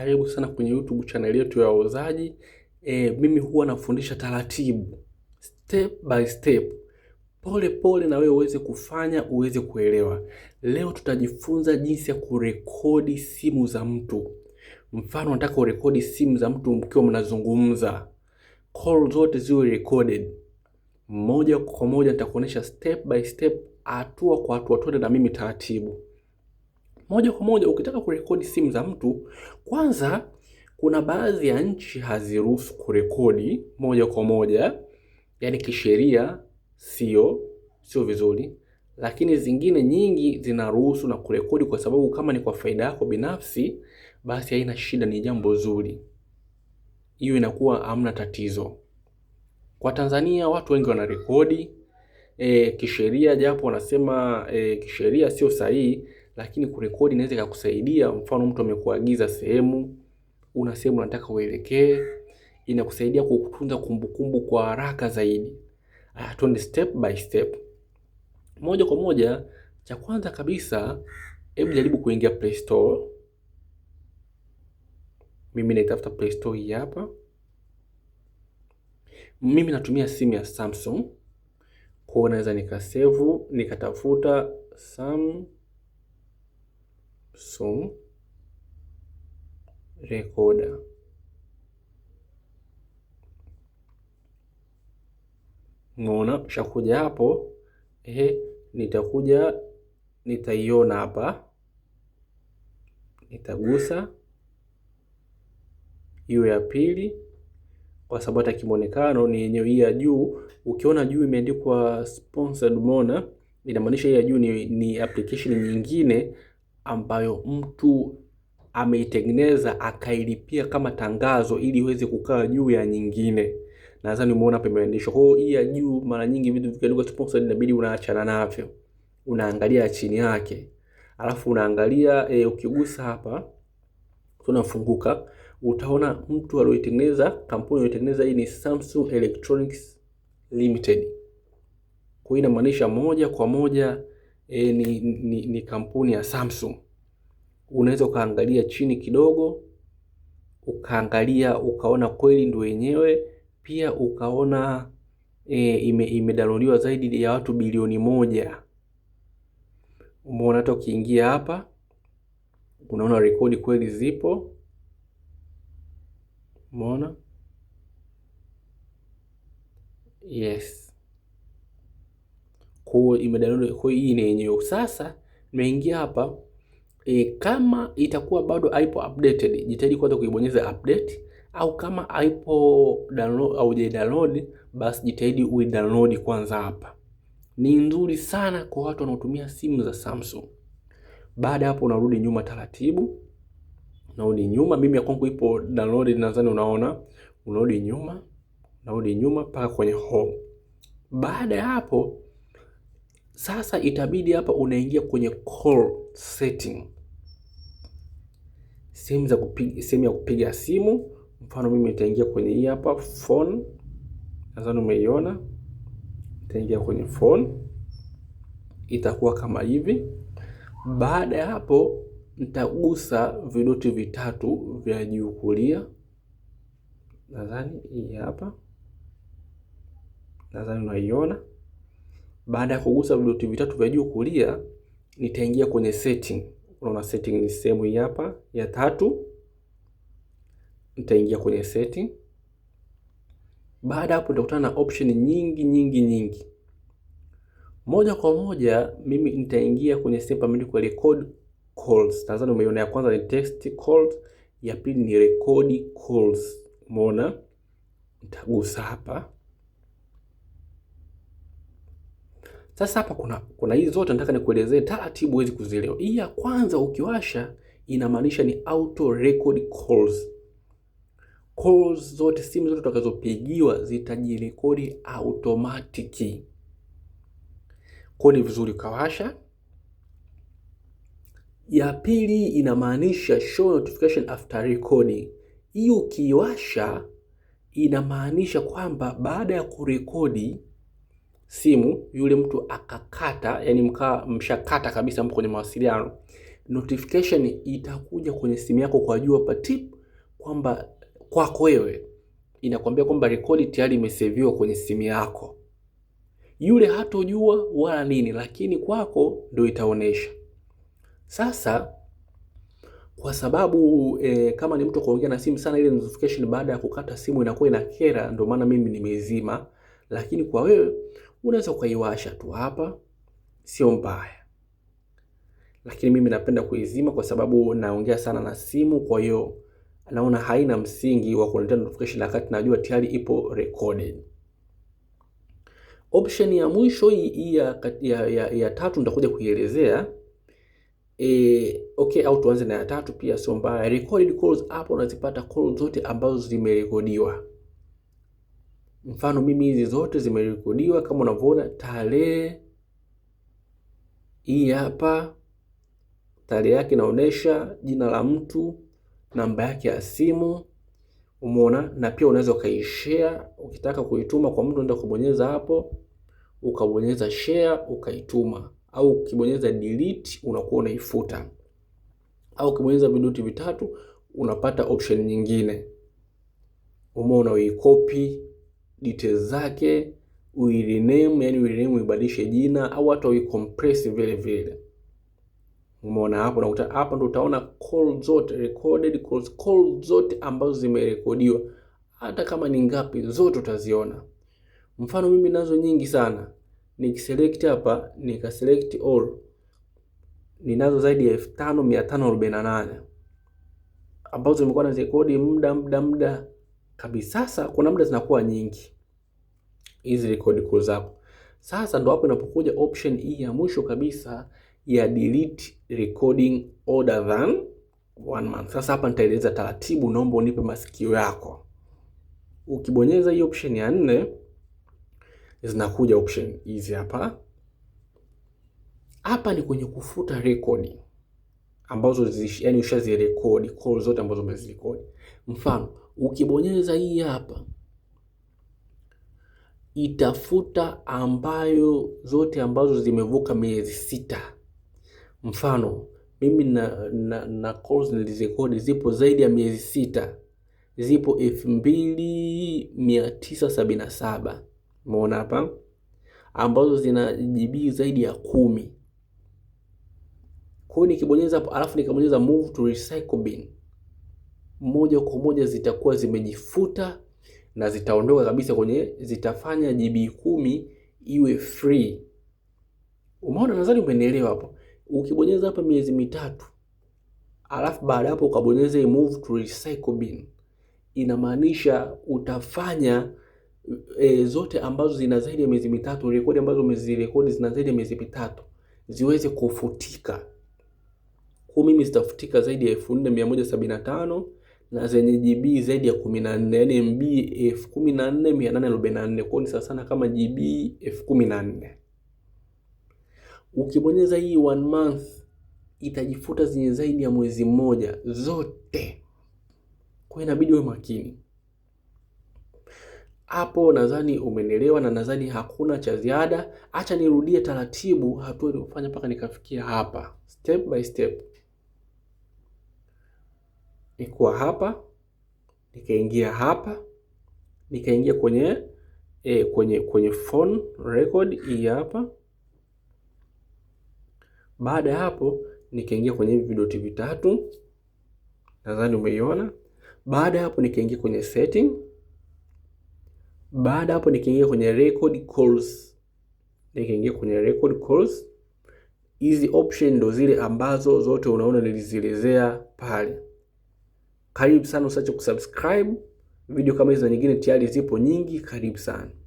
Karibu sana kwenye YouTube channel yetu ya wauzaji. E, mimi huwa nafundisha taratibu, step by step, pole pole, na wewe uweze kufanya uweze kuelewa. Leo tutajifunza jinsi ya kurekodi simu za mtu. Mfano, nataka urekodi simu za mtu mkiwa mnazungumza, call zote ziwe recorded moja kwa moja. Nitakuonesha step by step, hatua kwa hatua, twende na mimi taratibu moja kwa moja. Ukitaka kurekodi simu za mtu, kwanza, kuna baadhi ya nchi haziruhusu kurekodi moja kwa moja, yani kisheria sio sio vizuri, lakini zingine nyingi zinaruhusu na kurekodi, kwa sababu kama ni kwa faida yako binafsi, basi haina shida, ni jambo zuri, hiyo inakuwa hamna tatizo. Kwa Tanzania watu wengi wanarekodi e, kisheria japo wanasema e, kisheria sio sahihi, lakini kurekodi inaweza ikakusaidia. Mfano, mtu amekuagiza sehemu, una sehemu unataka uelekee, inakusaidia kukutunza kumbukumbu kwa haraka zaidi. Ah, twende step by step, moja kwa moja. Cha kwanza kabisa, hebu jaribu kuingia Play Store. Mimi naitafuta Play Store hii hapa. Mimi natumia simu ya Samsung, kwa hiyo naweza nikasevu nikatafuta Samsung sum recorder. Umeona, ukishakuja hapo ehe, nitakuja nitaiona hapa, nitagusa hiyo ya pili, kwa sababu hata kimonekano ni yenyewe hii ya juu. Ukiona juu imeandikwa sponsored, mona inamaanisha hii ya juu ni, ni application nyingine ambayo mtu ameitengeneza akailipia kama tangazo ili iweze kukaa juu ya nyingine. Nadhani umeona hapo imeandishwa. Kwa hiyo hii ya juu mara nyingi vitu vikiandikwa sponsored inabidi unaachana navyo. Unaangalia chini yake. Alafu unaangalia e, ukigusa hapa tunafunguka, utaona mtu aliyoitengeneza, kampuni aliyoitengeneza hii ni Samsung Electronics Limited. Kwa hiyo inamaanisha moja kwa moja e, ni, ni, ni kampuni ya Samsung. Unaweza ukaangalia chini kidogo ukaangalia ukaona kweli ndio yenyewe, pia ukaona e, ime, imedownloadiwa zaidi ya watu bilioni moja. Umeona hata ukiingia hapa unaona rekodi kweli zipo, umeona yes kwa ime download kwa hii ni yenyewe. Sasa nimeingia hapa e, kama itakuwa bado haipo updated, jitahidi kwanza kuibonyeza update, au kama haipo download au je download, basi jitahidi ui download kwanza. Hapa ni nzuri sana kwa watu wanaotumia simu za Samsung. Baada hapo unarudi nyuma taratibu, unarudi nyuma. Mimi ya kwangu ipo download, nadhani unaona. Unarudi nyuma, unarudi nyuma mpaka kwenye home. Baada ya hapo sasa itabidi hapa unaingia kwenye call setting, sehemu za kupiga, sehemu ya kupiga simu. Mfano mimi nitaingia kwenye hii hapa phone, nadhani umeiona. Nitaingia kwenye phone, itakuwa kama hivi. Baada ya hapo, nitagusa vidoti vitatu vya juu kulia, nadhani hii hapa, nadhani unaiona. Baada ya kugusa vidoti vitatu vya juu kulia, nitaingia kwenye setting. Unaona setting ni sehemu hii hapa ya tatu, nitaingia kwenye setting. Baada hapo nitakutana na option nyingi nyingi nyingi. Moja kwa moja mimi nitaingia kwenye sehemu ni record calls. Tazama, umeiona ya kwanza ni text calls, ya pili ni record calls. Umeona, nitagusa hapa Sasa hapa kuna kuna hizi zote nataka nikuelezee taratibu wezi kuzielewa. Hii ya kwanza ukiwasha inamaanisha ni auto record calls. Calls zote simu zote utakazopigiwa zitajirekodi automatic. Kwa ni vizuri ukawasha. Ya pili inamaanisha show notification after recording. Hii ukiwasha inamaanisha kwamba baada ya kurekodi simu, yule mtu akakata, yani mka mshakata kabisa, mko kwenye mawasiliano, notification itakuja kwenye simu yako kwa jua pa tip kwamba kwako wewe inakwambia kwamba rekodi tayari imeseviwa kwenye simu yako. Yule hatojua wala nini, lakini kwako ndio itaonesha. Sasa kwa sababu e, kama ni mtu kuongea na simu sana, ile notification baada ya kukata simu inakuwa ina kera, ndio maana mimi nimeizima, lakini kwa wewe unaweza ukaiwasha tu hapa, sio mbaya, lakini mimi napenda kuizima kwa sababu naongea sana na simu, kwa hiyo naona haina msingi wa kuletea notification wakati najua tayari ipo recorded. Option ya mwisho hii ya, ya, ya, ya tatu nitakuja kuielezea. E, okay au tuanze na ya tatu pia sio mbaya. Recorded calls hapo unazipata calls zote ambazo zimerekodiwa. Mfano mimi hizi zote zimerekodiwa kama unavyoona, tarehe hii hapa, tarehe yake inaonesha jina la mtu, namba yake ya simu, umeona. Na pia unaweza ukaishare ukitaka kuituma kwa mtu, unaenda kubonyeza hapo, ukabonyeza share, ukaituma, au ukibonyeza delete unakuwa unaifuta, au ukibonyeza vidoti vitatu unapata option nyingine, umeona, uikopi details zake uirename, yani uirename uibadilishe jina au hata uicompress vile vile. Umeona hapo, nakuta hapa ndo utaona call zote recorded calls, call zote ambazo zimerekodiwa, hata kama ni ngapi, zote utaziona. Mfano mimi nazo nyingi sana, nikiselect hapa nikaselect all, ninazo zaidi ya 5548 ambazo zimekuwa nazirekodi muda muda muda kabisa. Sasa kuna muda zinakuwa nyingi hizi record call zako. Sasa ndo hapo inapokuja option hii e ya mwisho kabisa ya delete recording older than one month. Sasa hapa nitaeleza taratibu, naomba unipe masikio yako. Ukibonyeza hii option ya nne, zinakuja option hizi hapa. Hapa ni kwenye kufuta rekodi ambazo yani ushazirekodi, call zote ambazo umezirekodi. Mfano, Ukibonyeza hii hapa itafuta ambayo zote ambazo zimevuka miezi sita. Mfano mimi na, na, na course nilizirekodi zipo zaidi ya miezi sita, zipo elfu mbili mia tisa sabini na saba umeona hapa, ambazo zina GB zaidi ya kumi. Kwa hiyo nikibonyeza hapo, alafu nikabonyeza move to recycle bin moja kwa moja zitakuwa zimejifuta na zitaondoka kabisa kwenye, zitafanya GB kumi iwe free. Umeona? Nadhani umenielewa hapo. Ukibonyeza hapa miezi mitatu, alafu baada hapo ukabonyeza move to recycle bin, inamaanisha utafanya e, zote ambazo zina zaidi ya miezi mitatu, rekodi ambazo umezirekodi zina zaidi ya miezi mitatu ziweze kufutika. Kwa mimi zitafutika zaidi ya elfu nne mia moja sabini na tano na zenye GB zaidi ya 14, yani MB 14844 kwao ni sawa sana kama GB 14000. Ukibonyeza hii one month itajifuta zenye zaidi ya mwezi mmoja zote, kwa hiyo inabidi uwe makini hapo. Nadhani umenielewa na nadhani hakuna cha ziada. Acha nirudie taratibu hatua iliyofanya mpaka nikafikia hapa, step by step nikuwa hapa nikaingia hapa nikaingia kwenye e, kwenye kwenye phone record hii hapa. Baada ya hapo nikaingia kwenye hivi vidoti vitatu, nadhani umeiona. Baada ya hapo nikaingia kwenye setting. Baada hapo nikaingia kwenye record calls, nikaingia kwenye record calls. Hizi option ndo zile ambazo zote unaona nilizielezea pale. Karibu sana, usiache kusubscribe. Video kama hizo nyingine tayari zipo nyingi. Karibu sana.